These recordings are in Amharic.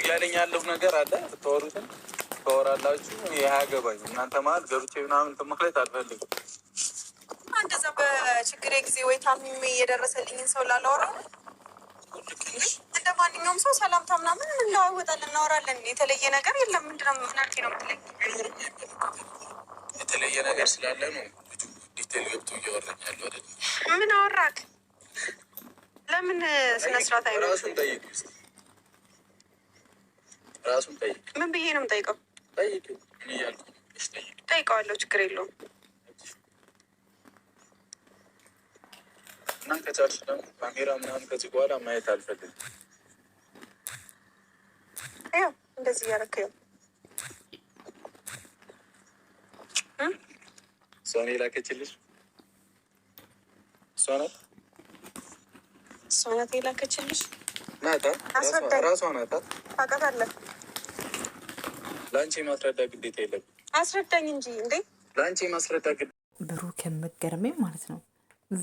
እያለኝ ያለው ነገር አለ። ተወሩትን ተወራላችሁ። ይህ አያገባኝ እናንተ መሀል ገብቼ ምናምን እንትን ማለት አልፈልግም። እንደዛ በችግሬ ጊዜ ወይ ታሚሜ የደረሰልኝን ሰው ላላወራው እንደ ማንኛውም ሰው ሰላምታ ምናምን እንለዋወጣለን፣ እናወራለን። የተለየ ነገር የለም። ምንድነው ነው ነው የምትለኝ? የተለየ ነገር ስላለ ነው ዲቴል ገብቶ እያወራኝ ያለው። ምን አወራክ? ለምን ስነስርዓት አይነ ራሱን ጠይቅ። ምን ብዬ ነው የምጠይቀው? ጠይቀዋለሁ፣ ችግር የለውም። እና ከቻልሽ ደግሞ ካሜራ ምናምን ከዚህ በኋላ ማየት አልፈልግም። ያው እንደዚህ እያደረክ ያው እሷን የላከችልሽ እሷ ናት፣ እሷ ናት የላከችልሽ ናታ፣ ራሷ ናታ። ታውቃታለህ ለአንቺ ማስረዳ ግዴታ የለም። አስረዳኝ እንጂ እንዴ ለአንቺ ማስረዳ ግዴታ ብሩክ የምገርመኝ ማለት ነው።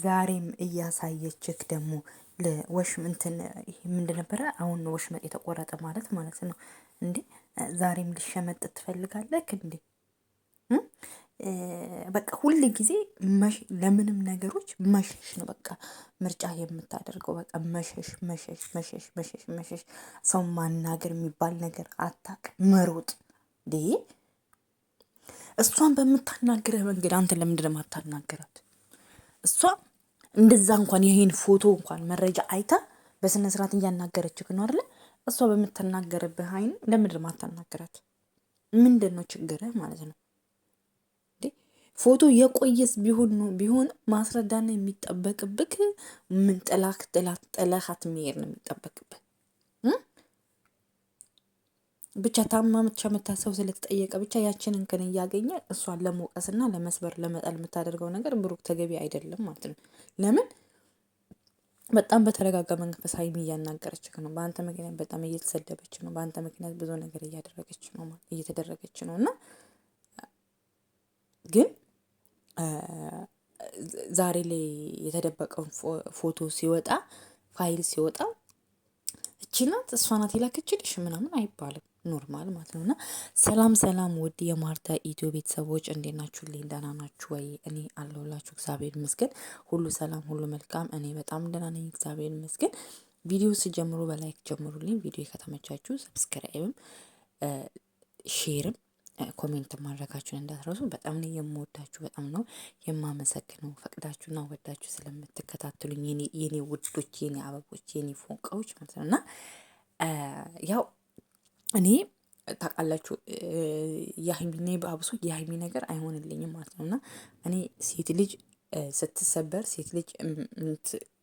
ዛሬም እያሳየችክ ደግሞ ለወሽ እንትን ምንድን ነበረ አሁን ወሽመጥ የተቆረጠ ማለት ማለት ነው እንዴ ዛሬም ልሸመጥ ትፈልጋለክ እንዴ? በቃ ሁል ጊዜ ለምንም ነገሮች መሸሽ ነው በቃ ምርጫ የምታደርገው በቃ መሸሽ መሸሽ መሸሽ መሸሽ መሸሽ ሰው ማናገር የሚባል ነገር አታቅ መሮጥ እሷን በምታናገረ መንገድ አንተ ለምንድን ነው የማታናግራት? እሷ እንደዛ እንኳን ይህን ፎቶ እንኳን መረጃ አይታ በስነ ስርዓት እያናገረችህ ነው አይደለ? እሷ በምትናገርብህ አይን ለምንድን ነው የማታናግራት? ምንድን ነው ችግርህ ማለት ነው? ፎቶ የቆየስ ቢሆን ነው ቢሆን ማስረዳና የሚጠበቅብክ ምን ጥላክ ጥላት ጥላሃት መሄድ ነው የሚጠበቅብህ ብቻ ታማ ብቻ የምታሰው ስለተጠየቀ ብቻ ያችን ክን እያገኘ እሷን ለመውቀስና ለመስበር ለመጣል የምታደርገው ነገር ብሩክ ተገቢ አይደለም ማለት ነው። ለምን በጣም በተረጋጋ መንፈስ ሀይሚ እያናገረች ነው። በአንተ ምክንያት በጣም እየተሰደበች ነው። በአንተ ምክንያት ብዙ ነገር እያደረገች ነው እየተደረገች ነው እና ግን ዛሬ ላይ የተደበቀውን ፎቶ ሲወጣ ፋይል ሲወጣ እቺ ናት እሷ ናት ምናምን አይባልም። ኖርማል ማለት ነው። እና ሰላም ሰላም፣ ውድ የማርታ ኢትዮ ቤተሰቦች እንዴት ናችሁ? ልኝ ደህና ናችሁ ወይ? እኔ አለሁላችሁ እግዚአብሔር ይመስገን። ሁሉ ሰላም፣ ሁሉ መልካም። እኔ በጣም ደህና ነኝ እግዚአብሔር ይመስገን። ቪዲዮ ስጀምሩ በላይክ ጀምሩልኝ። ቪዲዮ ከተመቻችሁ ሰብስክራይብም፣ ሼርም ኮሜንት ማድረጋችሁን እንዳትረሱ። በጣም ነው የምወዳችሁ፣ በጣም ነው የማመሰግነው። ፈቅዳችሁና ወዳችሁ ስለምትከታተሉኝ የኔ ውዶች፣ የኔ አበቦች፣ የኔ ፎንቃዎች ማለት ነው እና ያው እኔ ታውቃላችሁ የሀይሚኔ በአብሶ የሀይሚ ነገር አይሆንልኝም ማለት ነው። እና እኔ ሴት ልጅ ስትሰበር ሴት ልጅ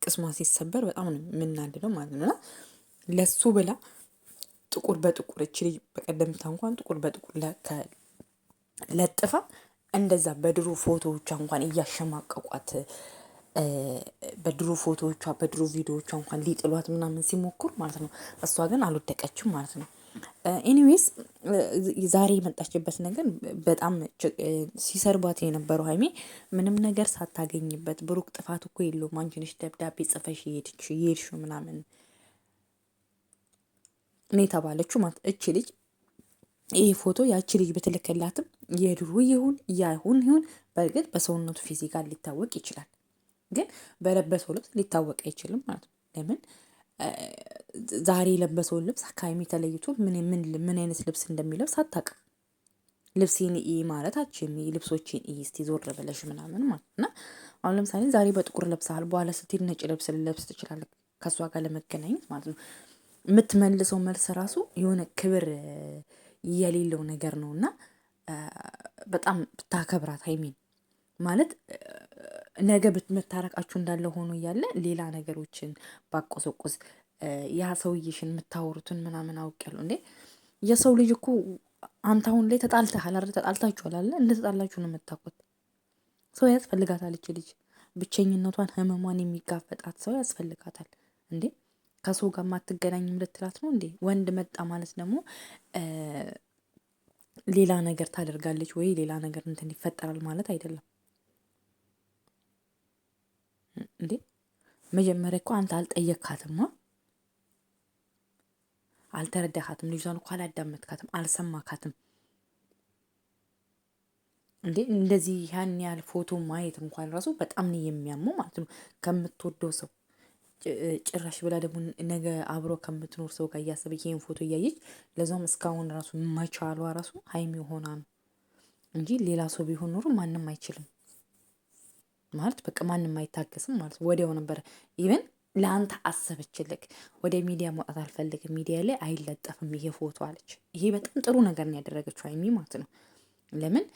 ቅስሟ ሲሰበር በጣም ነው የምናድደው ማለት ነው። እና ለሱ ብላ ጥቁር በጥቁር እች ልጅ በቀደምታ እንኳን ጥቁር በጥቁር ለጥፋ እንደዛ በድሮ ፎቶዎቿ እንኳን እያሸማቀቋት በድሮ ፎቶዎቿ በድሮ ቪዲዮዎቿ እንኳን ሊጥሏት ምናምን ሲሞክሩ ማለት ነው። እሷ ግን አልወደቀችም ማለት ነው። ኤኒዌይስ ዛሬ የመጣችበት ነገር በጣም ሲሰርቧት የነበረው ሀይሜ ምንም ነገር ሳታገኝበት ብሩክ ጥፋት እኮ የለውም አንቺ ነሽ ደብዳቤ ጽፈሽ የሄድች ምናምን እኔ የተባለችው ማለት እቺ ልጅ ይህ ፎቶ ያቺ ልጅ ብትልክላትም የድሩ ይሁን ያሁን ይሁን በእርግጥ በሰውነቱ ፊዚካል ሊታወቅ ይችላል፣ ግን በለበሰው ልብስ ሊታወቅ አይችልም ማለት ነው። ለምን ዛሬ የለበሰውን ልብስ ከሀይሚ ተለይቶ ምን አይነት ልብስ እንደሚለብስ አታውቅም። ልብሴን ኢ ማለት አችም ልብሶችን ኢ እስቲ ዞር ብለሽ ምናምን ማለት እና አሁን ለምሳሌ ዛሬ በጥቁር ለብሰሃል፣ በኋላ ስትሄድ ነጭ ልብስ ልለብስ ትችላለህ። ከእሷ ጋር ለመገናኘት ማለት ነው። የምትመልሰው መልስ ራሱ የሆነ ክብር የሌለው ነገር ነው እና በጣም ብታከብራት ሀይሚን ማለት ነገ ብትመታረቃችሁ እንዳለ ሆኖ እያለ ሌላ ነገሮችን ባቆሰቁስ ያ ሰውዬሽን የምታወሩትን ምናምን አውቄያለሁ። እንዴ የሰው ልጅ እኮ አንተ አሁን ላይ ተጣልተሃል አይደል? ተጣልታችኋል አይደል? እንደ ተጣላችሁ ነው የምታውቁት። ሰው ያስፈልጋታል እች ልጅ ብቸኝነቷን ህመሟን የሚጋፈጣት ሰው ያስፈልጋታል። እንዴ ከሰው ጋር ማትገናኝም ልትላት ነው እንዴ? ወንድ መጣ ማለት ደግሞ ሌላ ነገር ታደርጋለች ወይ ሌላ ነገር እንትን ይፈጠራል ማለት አይደለም እንዴ። መጀመሪያ እኮ አንተ አልጠየካትማ አልተረዳካትም። ልጅቷን እኮ አላዳመጥካትም፣ አልሰማካትም። እንዴ እንደዚህ ያን ያህል ፎቶ ማየት እንኳን ራሱ በጣም ነው የሚያመው ማለት ነው። ከምትወደው ሰው ጭራሽ ብላ ደግሞ ነገ አብሮ ከምትኖር ሰው ጋር እያሰበች ይሄን ፎቶ እያየች ለዛውም እስካሁን ራሱ መቻሏ ራሱ ሀይሚ ሆና ነው እንጂ ሌላ ሰው ቢሆን ኖሮ ማንም አይችልም ማለት በቃ ማንም አይታገስም ማለት ወዲያው ነበረ ኢቨን ለአንተ አሰበችልክ። ወደ ሚዲያ መውጣት አልፈልግም፣ ሚዲያ ላይ አይለጠፍም ይሄ ፎቶ አለች። ይሄ በጣም ጥሩ ነገር ነው ያደረገችው ሀይሚ ማለት ነው። ለምን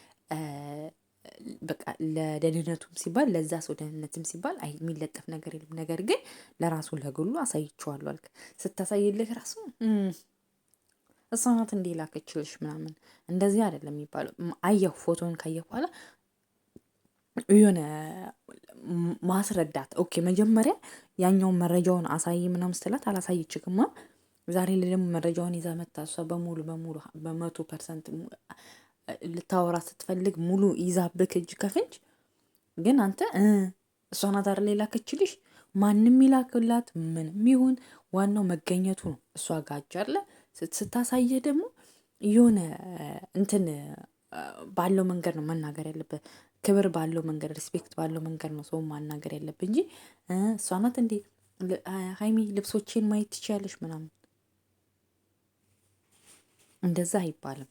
በቃ ለደህንነቱም ሲባል ለዛ ሰው ደህንነትም ሲባል የሚለጠፍ ነገር የለም። ነገር ግን ለራሱ ለግሉ አሳይችዋሉ አልክ። ስታሳይልህ ራሱ እሷ ናት እንዲህ ላከችልሽ ምናምን እንደዚህ አይደለም የሚባለው። አየሁ ፎቶን ካየሁ በኋላ የሆነ ማስረዳት ኦኬ፣ መጀመሪያ ያኛውን መረጃውን አሳይ ምናምን ስትላት አላሳየችግማ። ዛሬ ላይ ደግሞ መረጃውን ይዛ መታ እሷ በሙሉ በሙሉ በመቶ ፐርሰንት ልታወራ ስትፈልግ ሙሉ ይዛ ብክ እጅ ከፍንጅ ግን አንተ እሷ ናት አይደል የላከችልሽ? ማንም ይላክላት ምንም ይሁን ዋናው መገኘቱ ነው። እሷ ጋጅ አለ ስታሳየህ ደግሞ የሆነ እንትን ባለው መንገድ ነው መናገር ያለበት። ክብር ባለው መንገድ ሪስፔክት ባለው መንገድ ነው ሰው ማናገር ያለብን እንጂ እሷ ናት እንዴ ሀይሚ ልብሶቼን ማየት ትችያለሽ ምናምን እንደዛ አይባልም፣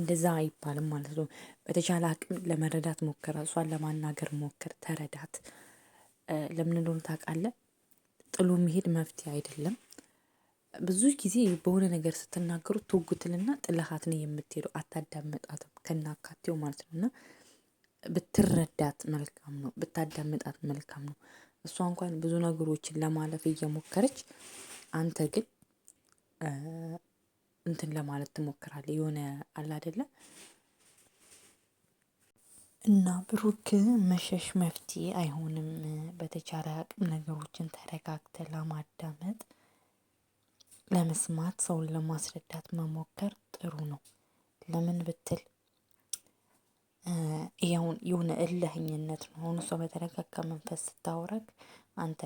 እንደዛ አይባልም ማለት ነው። በተቻለ አቅም ለመረዳት ሞከር፣ እሷን ለማናገር ሞከር፣ ተረዳት። ለምን እንደሆነ ታውቃለህ። ጥሎ መሄድ መፍትሄ አይደለም። ብዙ ጊዜ በሆነ ነገር ስትናገሩ ትውጉትልና ጥለሃት ነው የምትሄደው፣ አታዳምጣትም ከናካቴው ማለት ነው። እና ብትረዳት መልካም ነው፣ ብታዳምጣት መልካም ነው። እሷ እንኳን ብዙ ነገሮችን ለማለፍ እየሞከረች አንተ ግን እንትን ለማለት ትሞክራለህ። የሆነ አለ አይደለ እና ብሩክ መሸሽ መፍትሄ አይሆንም። በተቻለ አቅም ነገሮችን ተረጋግተ ለማዳመጥ ለመስማት ሰውን ለማስረዳት መሞከር ጥሩ ነው። ለምን ብትል ያውን የሆነ እልህኝነት ነው። አሁን እሷ በተረጋጋ መንፈስ ስታወራክ አንተ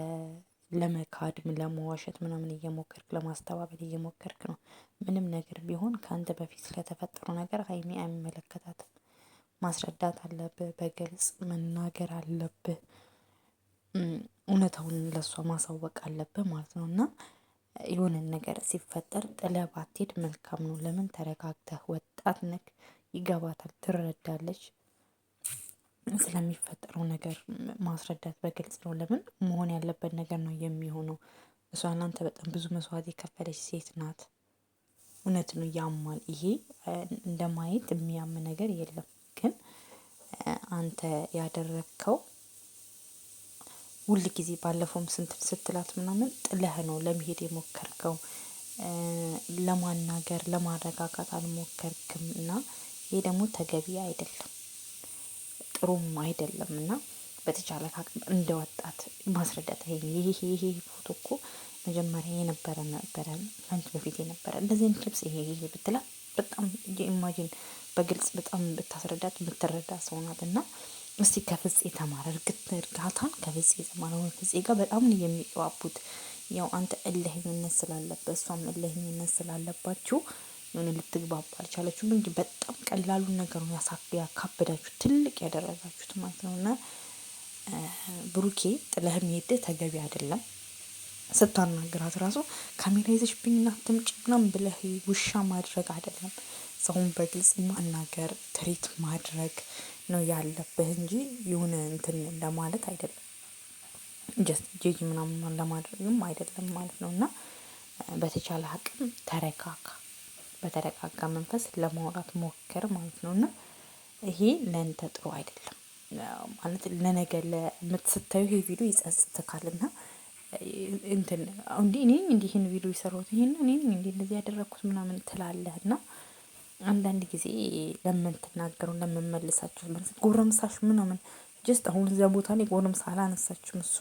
ለመካድም ለመዋሸት ምናምን እየሞከርክ ለማስተባበል እየሞከርክ ነው። ምንም ነገር ቢሆን ከአንተ በፊት ስለተፈጠሩ ነገር ሀይሚ አይመለከታትም። ማስረዳት አለብህ፣ በግልጽ መናገር አለብህ፣ እውነታውን ለእሷ ማሳወቅ አለብህ ማለት ነው እና የሆነ ነገር ሲፈጠር ጥለህ ባትሄድ መልካም ነው። ለምን ተረጋግተህ ወጣት ነክ ይገባታል፣ ትረዳለች። ስለሚፈጠረው ነገር ማስረዳት በግልጽ ነው። ለምን መሆን ያለበት ነገር ነው የሚሆነው። እሷ እናንተ በጣም ብዙ መስዋዕት የከፈለች ሴት ናት። እውነት ነው፣ ያማል። ይሄ እንደማየት የሚያም ነገር የለም። ግን አንተ ያደረግከው ሁል ጊዜ ባለፈውም ስንት ስትላት ምናምን ጥለህ ነው ለመሄድ የሞከርከው ለማናገር ለማረጋጋት አልሞከርክም እና ይሄ ደግሞ ተገቢ አይደለም፣ ጥሩም አይደለም እና በተቻለ አቅም እንደ ወጣት ማስረዳት ይሄ ይሄ ፎቶ እኮ መጀመሪያ የነበረ ነበረ ከአንቺ በፊት የነበረ እንደዚህ አይነት ልብስ ይሄ ይሄ ብትላት በጣም ኢማጂን በግልጽ በጣም ብታስረዳት የምትረዳ ሰው ናት እና እስቲ ከፍጽ የተማረ እርግጥ እርጋታን ከፍጽ የተማረ ሆነ። ፍፄ ጋር በጣም ነው የሚግባቡት። ያው አንተ እልህኝነት ስላለበት እሷም እልህኝነት ስላለባችሁ የሆነ ልትግባባ አልቻለችም እንጂ በጣም ቀላሉ ነገር ነው ያካበዳችሁ ትልቅ ያደረጋችሁት ማለት ነው። እና ብሩኬ ጥለህ መሄድ ተገቢ አይደለም። ስታናግራት ራሱ ካሜራ ይዘሽብኝ ና ትምጭ ምናምን ብለህ ውሻ ማድረግ አይደለም። ሰውን በግልጽ ማናገር ትሪት ማድረግ ነው ያለብህ እንጂ የሆነ እንትን ለማለት አይደለም፣ ጀስት ጅጅ ምናምን ለማድረግም አይደለም ማለት ነው። እና በተቻለ አቅም ተረጋጋ፣ በተረጋጋ መንፈስ ለማውራት ሞክር ማለት ነው። እና ይሄ ለእንተ ጥሩ አይደለም ማለት ለነገ ለምትስታዩ ይሄ ቪዲዮ ይጸጽትካል እና እንትን እንዲህ እኔ እንዲህን ቪዲዮ የሰራሁት ይሄን እኔ እንደዚህ ያደረግኩት ምናምን ትላለህ እና አንዳንድ ጊዜ ለምን ለምትናገሩ ለምመልሳችሁ ለምሳሌ ጎረምሳሽ ምናምን ጀስት አሁን እዚያ ቦታ ላይ ጎረምሳ አላነሳችሁም እሷ